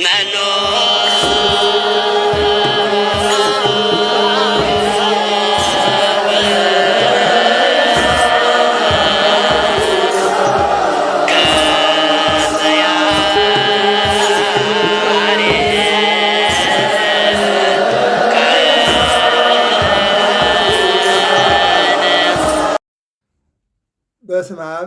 Manon. በስመ አብ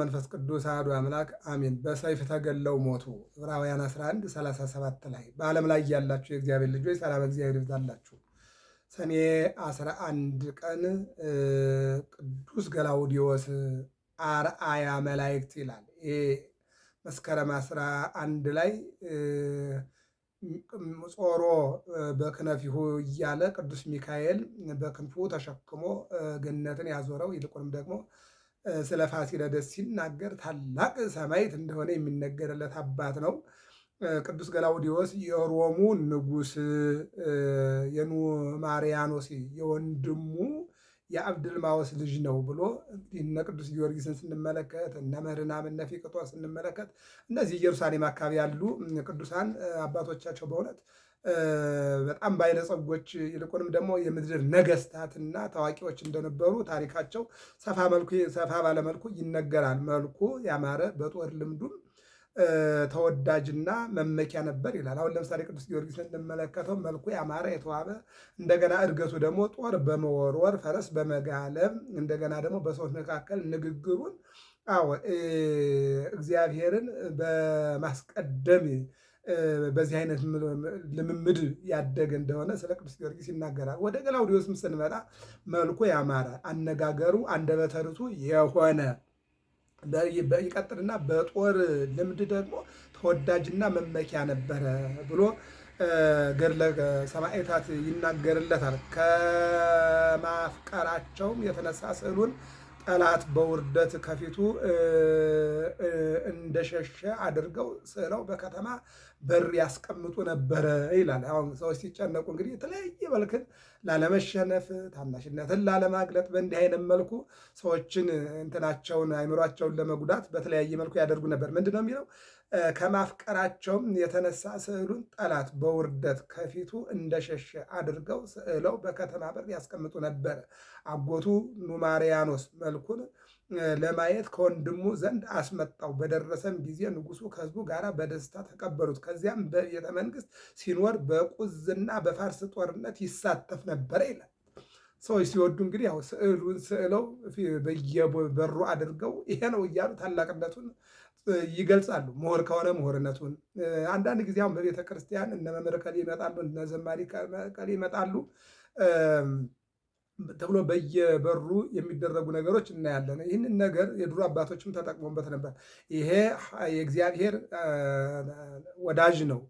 መንፈስ ቅዱስ አሐዱ አምላክ አሜን። በሰይፍ ተገለው ሞቱ ዕብራውያን 11 37 ላይ። በዓለም ላይ ያላችሁ የእግዚአብሔር ልጆች ሰላም እግዚአብሔር ይብዛላችሁ። ሰኔ 11 ቀን ቅዱስ ገላውዲዮስ አርአያ መላእክት ይላል። ይሄ መስከረም 11 ላይ ጾሮ በክነፊሁ እያለ ቅዱስ ሚካኤል በክንፉ ተሸክሞ ገነትን ያዞረው ይልቁንም ደግሞ ስለ ፋሲለደስ ሲናገር ታላቅ ሰማዕት እንደሆነ የሚነገርለት አባት ነው። ቅዱስ ገላውዲዎስ የሮሙ የኑ የኑማሪያኖስ የወንድሙ የአብድልማወስ ልጅ ነው ብሎ እንግዲህ እነ ቅዱስ ጊዮርጊስን ስንመለከት እነ መርናም እነ ፊቅጦር ስንመለከት እነዚህ ኢየሩሳሌም አካባቢ ያሉ ቅዱሳን አባቶቻቸው በእውነት በጣም ባለጸጎች ይልቁንም ደግሞ የምድር ነገስታትና ታዋቂዎች እንደነበሩ ታሪካቸው ሰፋ መልኩ ሰፋ ባለመልኩ ይነገራል። መልኩ ያማረ በጦር ልምዱም ተወዳጅና መመኪያ ነበር ይላል። አሁን ለምሳሌ ቅዱስ ጊዮርጊስ እንመለከተው መልኩ ያማረ የተዋበ እንደገና እድገቱ ደግሞ ጦር በመወርወር ፈረስ በመጋለብ እንደገና ደግሞ በሰዎች መካከል ንግግሩን አዎ እግዚአብሔርን በማስቀደም በዚህ አይነት ልምምድ ያደገ እንደሆነ ስለ ቅዱስ ጊዮርጊስ ይናገራል። ወደ ገላውዲዮስም ስንመጣ መልኩ ያማረ አነጋገሩ አንደበተ ርቱዕ የሆነ ይቀጥልና በጦር ልምድ ደግሞ ተወዳጅና መመኪያ ነበረ ብሎ ገድለ ሰማዕታት ይናገርለታል። ከማፍቀራቸውም የተነሳ ስዕሉን ጠላት በውርደት ከፊቱ እንደሸሸ አድርገው ስዕለው በከተማ በር ያስቀምጡ ነበረ ይላል። አሁን ሰዎች ሲጨነቁ እንግዲህ የተለያየ መልክን ላለመሸነፍ፣ ታናሽነትን ላለማግለጥ በእንዲህ አይነት መልኩ ሰዎችን እንትናቸውን አይምሯቸውን ለመጉዳት በተለያየ መልኩ ያደርጉ ነበር። ምንድን ነው የሚለው? ከማፍቀራቸውም የተነሳ ስዕሉን ጠላት በውርደት ከፊቱ እንደሸሸ አድርገው ስዕለው በከተማ በር ያስቀምጡ ነበረ። አጎቱ ኑማሪያኖስ መልኩን ለማየት ከወንድሙ ዘንድ አስመጣው። በደረሰም ጊዜ ንጉሱ ከህዝቡ ጋር በደስታ ተቀበሉት። ከዚያም በቤተ መንግስት ሲኖር በቁዝና በፋርስ ጦርነት ይሳተፍ ነበረ ይላል። ሰዎች ሲወዱ እንግዲህ ያው ስዕሉን ስዕለው በየበሩ አድርገው ይሄ ነው እያሉ ታላቅነቱን ይገልጻሉ። ምሁር ከሆነ ምሁርነቱን አንዳንድ ጊዜ አሁን በቤተ ክርስቲያን እነ መምህር ከሌ ይመጣሉ፣ እነ ዘማሪ ከሌ ይመጣሉ። ተብሎ በየበሩ የሚደረጉ ነገሮች እናያለን። ይህንን ነገር የድሮ አባቶችም ተጠቅሞበት ነበር። ይሄ የእግዚአብሔር ወዳጅ ነው፣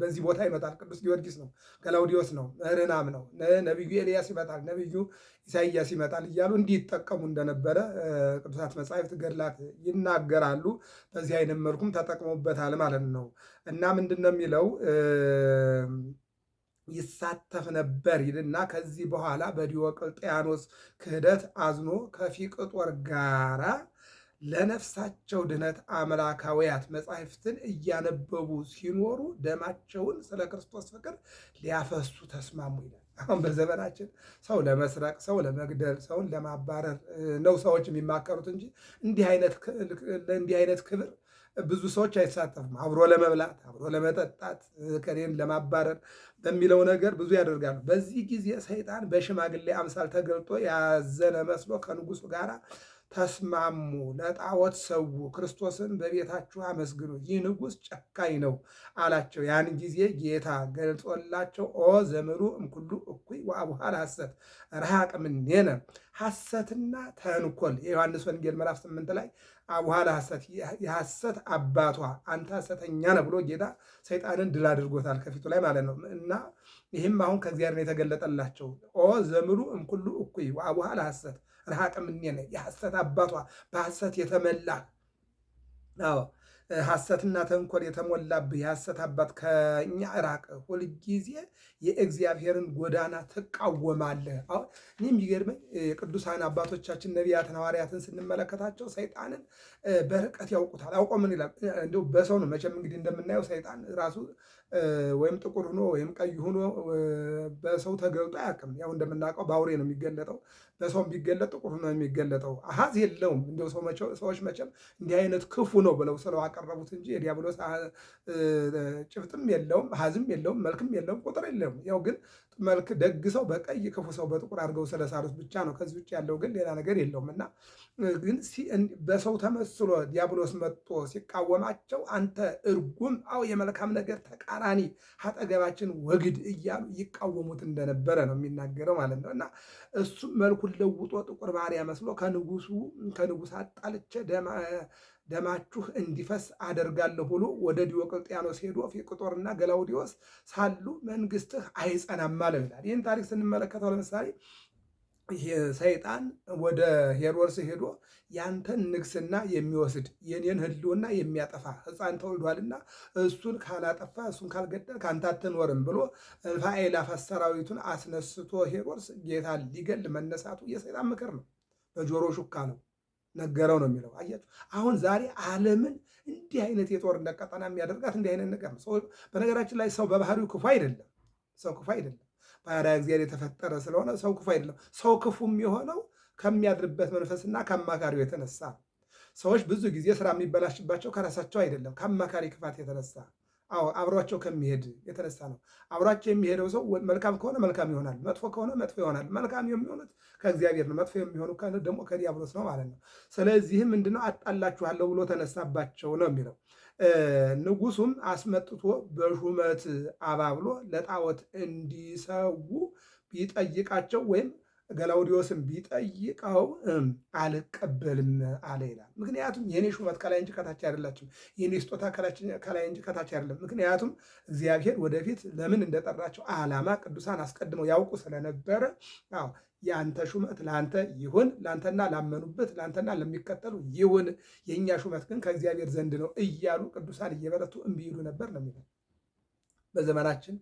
በዚህ ቦታ ይመጣል። ቅዱስ ጊዮርጊስ ነው፣ ገላውዲዮስ ነው፣ ምህርናም ነው፣ ነቢዩ ኤልያስ ይመጣል፣ ነቢዩ ኢሳይያስ ይመጣል እያሉ እንዲጠቀሙ እንደነበረ ቅዱሳት መጻሕፍት፣ ገድላት ይናገራሉ። በዚህ አይነት መልኩም ተጠቅሞበታል ማለት ነው እና ምንድን ነው የሚለው ይሳተፍ ነበር ይልና ከዚህ በኋላ በዲዮቅልጥያኖስ ክህደት አዝኖ ከፊቅጦር ጋራ ለነፍሳቸው ድነት አምላካውያት መጻሕፍትን እያነበቡ ሲኖሩ ደማቸውን ስለ ክርስቶስ ፍቅር ሊያፈሱ ተስማሙ ይላል። አሁን በዘመናችን ሰው ለመስረቅ፣ ሰው ለመግደል፣ ሰውን ለማባረር ነው ሰዎች የሚማከሩት እንጂ እንዲህ አይነት ክብር ብዙ ሰዎች አይሳተፍም። አብሮ ለመብላት፣ አብሮ ለመጠጣት፣ ከኔን ለማባረር በሚለው ነገር ብዙ ያደርጋሉ። በዚህ ጊዜ ሰይጣን በሽማግሌ አምሳል ተገልጦ ያዘነ መስሎ ከንጉሱ ጋር ተስማሙ። ለጣዖት ሰው ክርስቶስን በቤታችሁ አመስግኑ፣ ይህ ንጉስ ጨካኝ ነው አላቸው። ያን ጊዜ ጌታ ገልጾላቸው ኦ ዘምሩ እምኩሉ ወአቡሃ ለሐሰት ረሃቅ እምኔነ ሐሰትና ተንኮል የዮሐንስ ወንጌል ምዕራፍ ስምንት ላይ አቡሃ ለሐሰት የሐሰት አባቷ አንተ ሐሰተኛ ነህ ብሎ ጌታ ሰይጣንን ድል አድርጎታል ከፊቱ ላይ ማለት ነው። እና ይህም አሁን ከእግዚአብሔር ነው የተገለጠላቸው። ኦ ዘምሩ እምኩሉ እኩይ ወአቡሃ ለሐሰት ረሃቅ እምኔነ የሐሰት አባቷ በሐሰት የተመላ ሐሰትና ተንኮል የተሞላብህ የሐሰት አባት ከእኛ ራቅ። ሁልጊዜ የእግዚአብሔርን ጎዳና ትቃወማለህ። አሁን የሚገርመኝ የቅዱሳን አባቶቻችን ነቢያትን፣ ሐዋርያትን ስንመለከታቸው ሰይጣንን በርቀት ያውቁታል። አውቆ ምን ይላል? እንደው በሰው ነው መቼም እንግዲህ እንደምናየው ሰይጣን ራሱ ወይም ጥቁር ሆኖ ወይም ቀይ ሆኖ በሰው ተገልጦ አያውቅም። ያው እንደምናውቀው በአውሬ ነው የሚገለጠው። ለሰው ቢገለጥ ጥቁር ነው የሚገለጠው። አሀዝ የለውም። እንደው ሰዎች መቼም እንዲህ አይነት ክፉ ነው ብለው ስለው አቀረቡት እንጂ የዲያብሎስ ጭፍጥም የለውም፣ ሀዝም የለውም፣ መልክም የለውም፣ ቁጥር የለውም። ያው ግን መልክ ደግ ሰው በቀይ ክፉ ሰው በጥቁር አድርገው ስለሳሉት ብቻ ነው። ከዚህ ውጭ ያለው ግን ሌላ ነገር የለውም እና ግን በሰው ተመስሎ ዲያብሎስ መጥቶ ሲቃወማቸው አንተ እርጉም፣ አው የመልካም ነገር ተቃራኒ አጠገባችን ወግድ እያሉ ይቃወሙት እንደነበረ ነው የሚናገረው ማለት ነው እና እሱም መልኩን ለውጦ ጥቁር ባሪያ መስሎ ከንጉሱ ከንጉስ አጣልቼ ደማችሁ እንዲፈስ አደርጋለሁ ብሎ ወደ ዲዮቅልጥያኖስ ሄዶ ፊቅጦርና ገላውዲዮስ ሳሉ መንግስትህ አይጸናም አለው ይላል። ይህን ታሪክ ስንመለከተው ለምሳሌ ሰይጣን ወደ ሄሮድስ ሄዶ ያንተን ንግስና የሚወስድ የኔን ህልውና የሚያጠፋ ህፃን ተወልዷልና እሱን ካላጠፋ እሱን ካልገደል ከአንተ አትኖርም ብሎ ፋኤላፍ ሰራዊቱን አስነስቶ ሄሮድስ ጌታን ሊገል መነሳቱ የሰይጣን ምክር ነው። በጆሮ ሹካ ነው። ነገረው ነው የሚለው። አያችሁ አሁን ዛሬ ዓለምን እንዲህ አይነት የጦርነት ቀጠና የሚያደርጋት እንዲህ አይነት ነገር ነው። በነገራችን ላይ ሰው በባህሪው ክፉ አይደለም። ሰው ክፉ አይደለም። ባሕርይ እግዚአብሔር የተፈጠረ ስለሆነ ሰው ክፉ አይደለም። ሰው ክፉም የሆነው ከሚያድርበት መንፈስና ከአማካሪው የተነሳ ሰዎች ብዙ ጊዜ ስራ የሚበላሽባቸው ከራሳቸው አይደለም፣ ከአማካሪ ክፋት የተነሳ አዎ አብሯቸው ከሚሄድ የተነሳ ነው። አብሯቸው የሚሄደው ሰው መልካም ከሆነ መልካም ይሆናል፣ መጥፎ ከሆነ መጥፎ ይሆናል። መልካም የሚሆኑት ከእግዚአብሔር ነው፣ መጥፎ የሚሆኑ ደግሞ ከዲያብሎስ ነው ማለት ነው። ስለዚህ ምንድነው አጣላችኋለሁ ብሎ ተነሳባቸው ነው የሚለው። ንጉሱም አስመጥቶ በሹመት አባብሎ ለጣዖት እንዲሰዉ ቢጠይቃቸው ወይም ገላውዲዮስን ቢጠይቀው አልቀበልም አለ ይላል። ምክንያቱም የኔ ሹመት ከላይ እንጂ ከታች አይደላችም፣ የኔ ስጦታ ከላይ እንጂ ከታች አይደለም። ምክንያቱም እግዚአብሔር ወደፊት ለምን እንደጠራቸው ዓላማ ቅዱሳን አስቀድመው ያውቁ ስለነበረ አዎ የአንተ ሹመት ለአንተ ይሁን፣ ለአንተና ላመኑበት ለአንተና ለሚከተሉ ይሁን፣ የእኛ ሹመት ግን ከእግዚአብሔር ዘንድ ነው እያሉ ቅዱሳን እየበረቱ እምቢ ይሉ ነበር ነው የሚለው በዘመናችን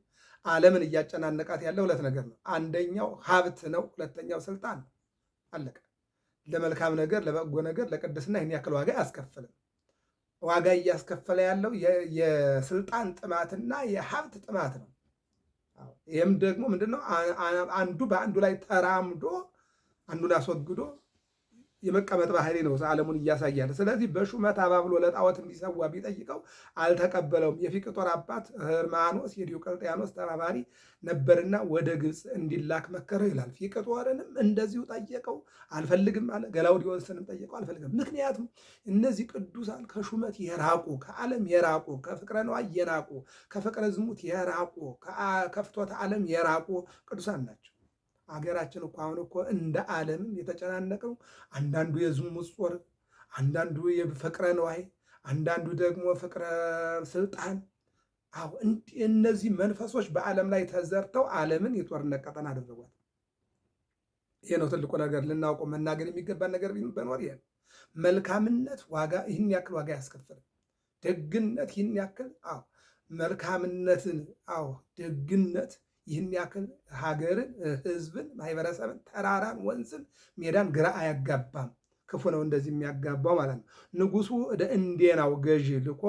ዓለምን እያጨናነቃት ያለ ሁለት ነገር ነው። አንደኛው ሀብት ነው፣ ሁለተኛው ስልጣን። አለቀ። ለመልካም ነገር፣ ለበጎ ነገር፣ ለቅድስና ይህን ያክል ዋጋ አያስከፍልም። ዋጋ እያስከፈለ ያለው የስልጣን ጥማትና የሀብት ጥማት ነው። ይህም ደግሞ ምንድነው? አንዱ በአንዱ ላይ ተራምዶ አንዱን አስወግዶ የመቀመጥ ባህሪ ነው ዓለሙን እያሳያል። ስለዚህ በሹመት አባብሎ ለጣዖት እንዲሰዋ ቢጠይቀው አልተቀበለውም። የፊቅጦር አባት ህርማኖስ የዲዮቅልጥያኖስ ተባባሪ ነበርና ወደ ግብፅ እንዲላክ መከረው ይላል። ፊቅጦርንም እንደዚሁ ጠየቀው፣ አልፈልግም አለ። ገላውዲዮስንም ጠየቀው፣ አልፈልግም። ምክንያቱም እነዚህ ቅዱሳን ከሹመት የራቁ ከዓለም የራቁ ከፍቅረ ነዋይ የራቁ ከፍቅረ ዝሙት የራቁ ከፍቶተ ዓለም የራቁ ቅዱሳን ናቸው። አገራችን እኮ አሁን እኮ እንደ ዓለም የተጨናነቀው አንዳንዱ የዝሙት ጾር፣ አንዳንዱ የፍቅረ ነዋይ፣ አንዳንዱ ደግሞ ፍቅረ ስልጣን። አዎ እነዚህ መንፈሶች በዓለም ላይ ተዘርተው ዓለምን የጦርነት ቀጠና አደረጓት። ይህ ነው ትልቁ ነገር ልናውቀው መናገር የሚገባን ነገር በኖር ይሄ መልካምነት ዋጋ ይህን ያክል ዋጋ ያስከፍል ደግነት ይህን ያክል አዎ መልካምነትን አዎ ደግነት ይህን ያክል ሀገርን፣ ህዝብን፣ ማህበረሰብን፣ ተራራን፣ ወንዝን፣ ሜዳን ግራ አያጋባም። ክፉ ነው እንደዚህ የሚያጋባው ማለት ነው። ንጉሱ ወደ እንዴናው ገዢ ልኮ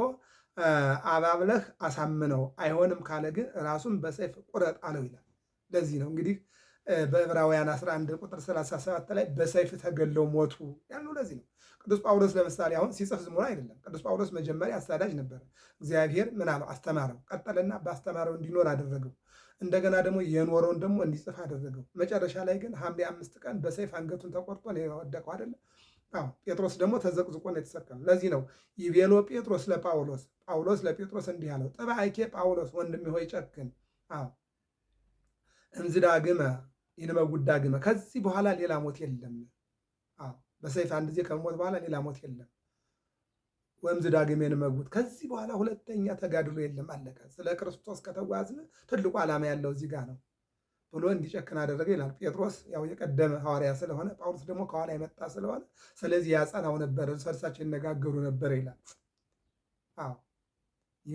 አባብለህ አሳምነው፣ አይሆንም ካለ ግን ራሱን በሰይፍ ቁረጥ አለው ይላል። ለዚህ ነው እንግዲህ በዕብራውያን 11 ቁጥር 37 ላይ በሰይፍ ተገለው ሞቱ ያሉ ለዚህ ነው። ቅዱስ ጳውሎስ ለምሳሌ አሁን ሲጽፍ ዝም ብሎ አይደለም። ቅዱስ ጳውሎስ መጀመሪያ አሳዳጅ ነበረ። እግዚአብሔር ምን አለው? አስተማረው። ቀጠለና በአስተማረው እንዲኖር አደረገው። እንደገና ደግሞ የኖረውን ደግሞ እንዲጽፍ አደረገው። መጨረሻ ላይ ግን ሐምሌ አምስት ቀን በሰይፍ አንገቱን ተቆርጦ ነው የወደቀው አይደለም። ጴጥሮስ ደግሞ ተዘቅዝቆ ነው የተሰቀለው። ለዚህ ነው ይቤሎ ጴጥሮስ ለጳውሎስ ጳውሎስ ለጴጥሮስ እንዲህ አለው፣ ጥብአይኬ ጳውሎስ ወንድሜ ሆይ ጨክን እንዝዳግመ ይልመጉዳ ግመ ከዚህ በኋላ ሌላ ሞት የለም። በሰይፍ አንድ ጊዜ ከሞት በኋላ ሌላ ሞት የለም። ወይም ዝዳግም የንመጉት ከዚህ በኋላ ሁለተኛ ተጋድሎ የለም፣ አለቀ። ስለ ክርስቶስ ከተጓዝን ትልቁ ዓላማ ያለው እዚህ ጋር ነው ብሎ እንዲጨክን አደረገ ይላል ጴጥሮስ። ያው የቀደመ ሐዋርያ ስለሆነ ጳውሎስ ደግሞ ከኋላ የመጣ ስለሆነ ስለዚህ ያጸናው ነበር፣ እርስ በርሳቸው ይነጋገሩ ነበረ ይላል። አዎ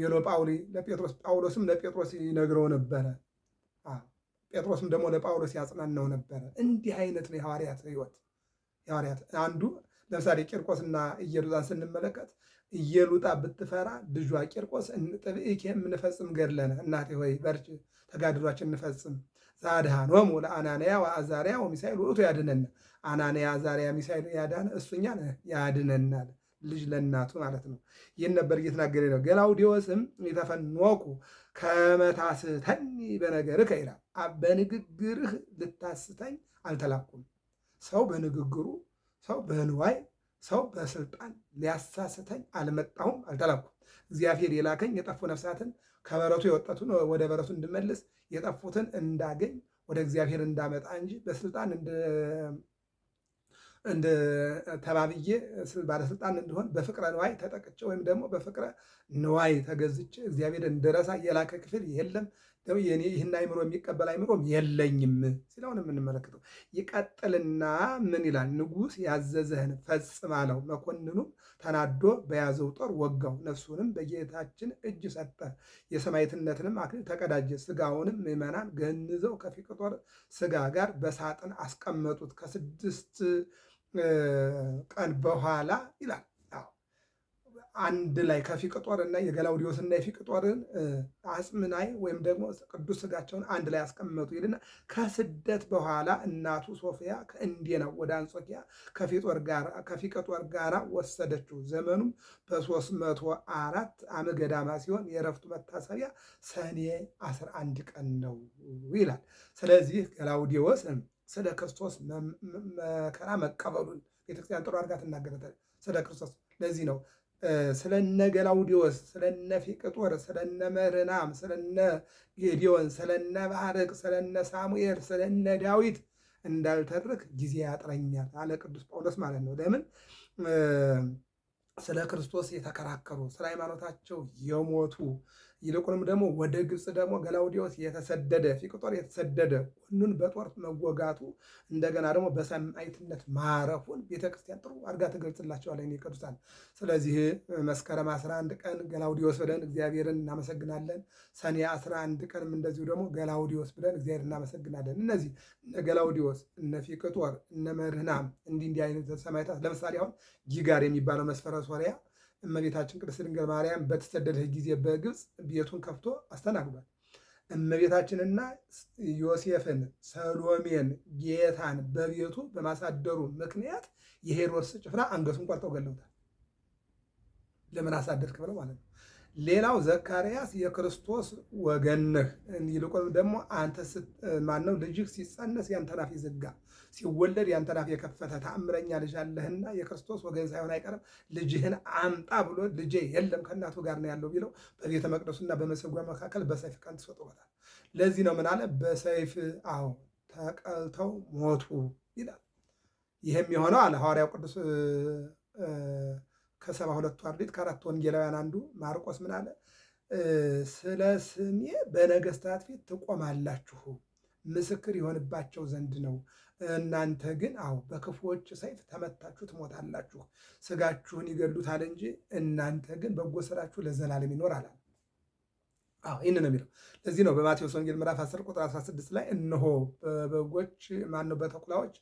ይሎ ጳውሊ ለጴጥሮስ ጳውሎስም ለጴጥሮስ ይነግረው ነበረ ጴጥሮስም ደግሞ ለጳውሎስ ያጽናነው ነበረ። እንዲህ አይነት ነው የሐዋርያት ሕይወት። የሐዋርያት አንዱ ለምሳሌ ቂርቆስና ኢየሉጣን ስንመለከት ኢየሉጣ ብትፈራ ልጇ ቂርቆስ ጥብቅ የምንፈጽም ገድለነ እናቴ ሆይ በርቺ፣ ተጋድሏችን እንፈጽም ዛድሃ ዛድሃኖሙ ለአናንያ ወአዛርያ ወሚሳኤል ውእቱ ያድነና አናንያ አዛርያ ሚሳኤል ያዳነ እሱኛን ያድነናል። ልጅ ለእናቱ ማለት ነው። ይህን ነበር እየተናገረ ነው። ገላውዲዎስም የተፈንወቁ ከመታስተኝ በነገርህ ይላል። በንግግርህ ልታስተኝ አልተላኩም። ሰው በንግግሩ ሰው በንዋይ ሰው በስልጣን ሊያሳስተኝ አልመጣሁም፣ አልተላኩም። እግዚአብሔር የላከኝ የጠፉ ነፍሳትን ከበረቱ የወጠቱን ወደ በረቱ እንድመልስ የጠፉትን እንዳገኝ ወደ እግዚአብሔር እንዳመጣ እንጂ በስልጣን ተባብዬ ባለስልጣን እንደሆን በፍቅረ ንዋይ ተጠቅቼ ወይም ደግሞ በፍቅረ ንዋይ ተገዝቼ እግዚአብሔር እንድረሳ የላከ ክፍል የለም። ይህን አይምሮ የሚቀበል አይምሮም የለኝም ሲለውን የምንመለከተው ይቀጥልና ምን ይላል? ንጉሥ ያዘዘህን ፈጽም አለው። መኮንኑም ተናዶ በያዘው ጦር ወጋው። ነፍሱንም በጌታችን እጅ ሰጠ። የሰማዕትነትንም አክሊል ተቀዳጀ። ስጋውንም ምዕመናን ገንዘው ከፊቅጦር ጦር ስጋ ጋር በሳጥን አስቀመጡት። ከስድስት ቀን በኋላ ይላል። አንድ ላይ ከፊቅጦርና የገላውዲዮስና የፊቅጦርን አጽምናይ ወይም ደግሞ ቅዱስ ስጋቸውን አንድ ላይ ያስቀመጡ ይልና ከስደት በኋላ እናቱ ሶፊያ ከእንዴና ወደ አንጾኪያ ከፊቅጦር ጋር ወሰደችው። ዘመኑም በሦስት መቶ አራት ዓመተ ገዳማ ሲሆን የእረፍቱ መታሰቢያ ሰኔ 11 ቀን ነው ይላል። ስለዚህ ገላውዲዮስ ስለ ክርስቶስ መከራ መቀበሉን ቤተክርስቲያን ጥሩ አድርጋ ትናገረታል። ስለ ክርስቶስ ለዚህ ነው ስለነ ገላውዲዮስ ስለነ ፊቅጦር ስለነ መርናም ስለነ ጌዲዮን ስለነ ባርቅ ስለነ ሳሙኤል ስለነ ዳዊት እንዳልተርክ ጊዜ ያጥረኛል አለ ቅዱስ ጳውሎስ ማለት ነው። ለምን ስለ ክርስቶስ የተከራከሩ ስለ ሃይማኖታቸው የሞቱ ይልቁንም ደግሞ ወደ ግብፅ ደግሞ ገላውዲዮስ የተሰደደ ፊቅጦር የተሰደደ ሁሉን በጦር መወጋቱ እንደገና ደግሞ በሰማዕትነት ማረፉን ቤተክርስቲያን ጥሩ አድርጋ ትገልጽላቸዋለች። እኔ ቅዱሳን ስለዚህ መስከረም 11 ቀን ገላውዲዮስ ብለን እግዚአብሔርን እናመሰግናለን። ሰኔ 11 ቀንም እንደዚሁ ደግሞ ገላውዲዮስ ብለን እግዚአብሔር እናመሰግናለን። እነዚህ እነ ገላውዲዮስ እነ ፊቅጦር እነ መርህናም እንዲህ እንዲህ አይነት ሰማዕታት ለምሳሌ አሁን ጊጋር የሚባለው መስፈረ ሶሪያ እመቤታችን ቅድስት ድንግል ማርያም በተሰደደች ጊዜ በግብፅ ቤቱን ከፍቶ አስተናግዷል። እመቤታችንና ዮሴፍን፣ ሰሎሜን፣ ጌታን በቤቱ በማሳደሩ ምክንያት የሄሮድስ ጭፍራ አንገቱን ቆርጠው ገለውታል። ለምን አሳደድክ ብለው ማለት ነው። ሌላው ዘካርያስ የክርስቶስ ወገን ነህ፣ ይልቁንም ደግሞ አንተ ማነው ልጅህ ሲጸነስ ያንተን አፍ ይዝጋ፣ ሲወለድ ያንተን አፍ የከፈተ ተአምረኛ ልጅ አለህና የክርስቶስ ወገን ሳይሆን አይቀርም ልጅህን አምጣ ብሎ ልጄ የለም ከእናቱ ጋር ነው ያለው ቢለው በቤተ መቅደሱና በመሰጓ መካከል በሰይፍ ቀን ትሰጥበታል። ለዚህ ነው ምናለ በሰይፍ አዎ ተቀልተው ሞቱ ይላል። ይህም የሆነው አለ ሐዋርያው ቅዱስ ከሰባ ሁለቱ አርድእት ከአራት ወንጌላውያን አንዱ ማርቆስ ምን አለ? ስለ ስሜ በነገስታት ፊት ትቆማላችሁ ምስክር የሆንባቸው ዘንድ ነው። እናንተ ግን አሁ በክፉዎች ሰይፍ ተመታችሁ ትሞታላችሁ፣ ስጋችሁን ይገሉታል እንጂ እናንተ ግን በጎ ስራችሁ ለዘላለም ይኖር አላል። ይህን ነው የሚለው። ለዚህ ነው በማቴዎስ ወንጌል ምዕራፍ 10 ቁጥር 16 ላይ እነሆ በበጎች ማነው በተኩላዎች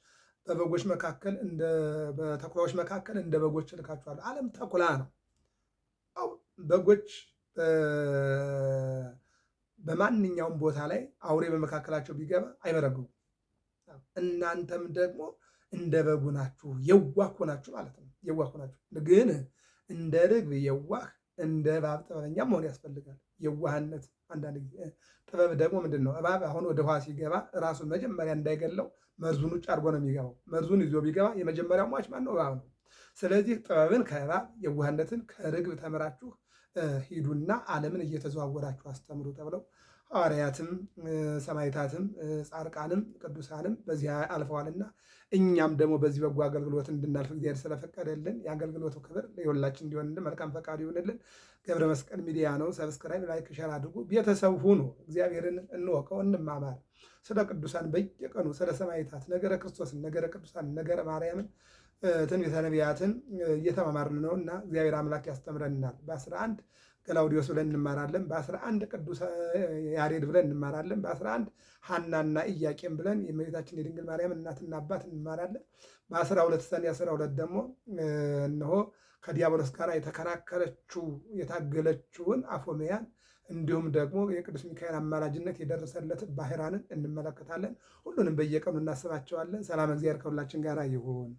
በበጎች መካከል እንደ በተኩላዎች መካከል እንደ በጎች እልካችኋለሁ። ዓለም ተኩላ ነው። አው በጎች በማንኛውም ቦታ ላይ አውሬ በመካከላቸው ቢገባ አይመረግቡም። እናንተም ደግሞ እንደ በጉ ናችሁ፣ የዋህ ናችሁ ማለት ነው። የዋህ ናችሁ ግን እንደ ርግብ የዋህ እንደ እባብ መሆን ያስፈልጋል። የዋህነት አንዳንድ ጊዜ ጥበብ ደግሞ ምንድን ነው? እባብ አሁን ወደ ውሃ ሲገባ ራሱን መጀመሪያ እንዳይገለው መርዙን ውጭ አድርጎ ነው የሚገባው። መርዙን ይዞ ቢገባ የመጀመሪያው ሟች ማን ነው? እባብ ነው። ስለዚህ ጥበብን ከእባብ የዋህነትን ከርግብ ተምራችሁ ሂዱና ዓለምን እየተዘዋወራችሁ አስተምሩ ተብለው ሐዋርያትም ሰማይታትም ጻርቃንም ቅዱሳንም በዚህ አልፈዋልና እኛም ደግሞ በዚህ በጎ አገልግሎት እንድናልፍ እግዚአብሔር ስለፈቀደልን የአገልግሎቱ ክብር ለሁላችን እንዲሆንልን መልካም ፈቃዱ ይሆንልን። ገብረ መስቀል ሚዲያ ነው። ሰብስክራይብ፣ ላይክ፣ ሸር አድርጉ። ቤተሰብ ሁኑ። እግዚአብሔርን እንወቀው፣ እንማማር። ስለ ቅዱሳን በየቀኑ ስለ ሰማይታት ነገረ ክርስቶስን፣ ነገረ ቅዱሳን፣ ነገረ ማርያምን ትንቢተ ነቢያትን እየተማማርን ነው እና እግዚአብሔር አምላክ ያስተምረናል። በአስራ አንድ ገላውዲዮስ ብለን እንማራለን። በአስራ አንድ ቅዱስ ያሬድ ብለን እንማራለን። በአስራ አንድ ሀናና እያቄም ብለን የመቤታችን የድንግል ማርያም እናትና አባት እንማራለን። በአስራ ሁለት ሰኔ አስራ ሁለት ደግሞ እነሆ ከዲያብሎስ ጋር የተከራከረችው የታገለችውን አፎሜያን እንዲሁም ደግሞ የቅዱስ ሚካኤል አማላጅነት የደረሰለት ባህራንን እንመለከታለን። ሁሉንም በየቀኑ እናስባቸዋለን። ሰላም እግዚአብሔር ከሁላችን ጋር ይሁን።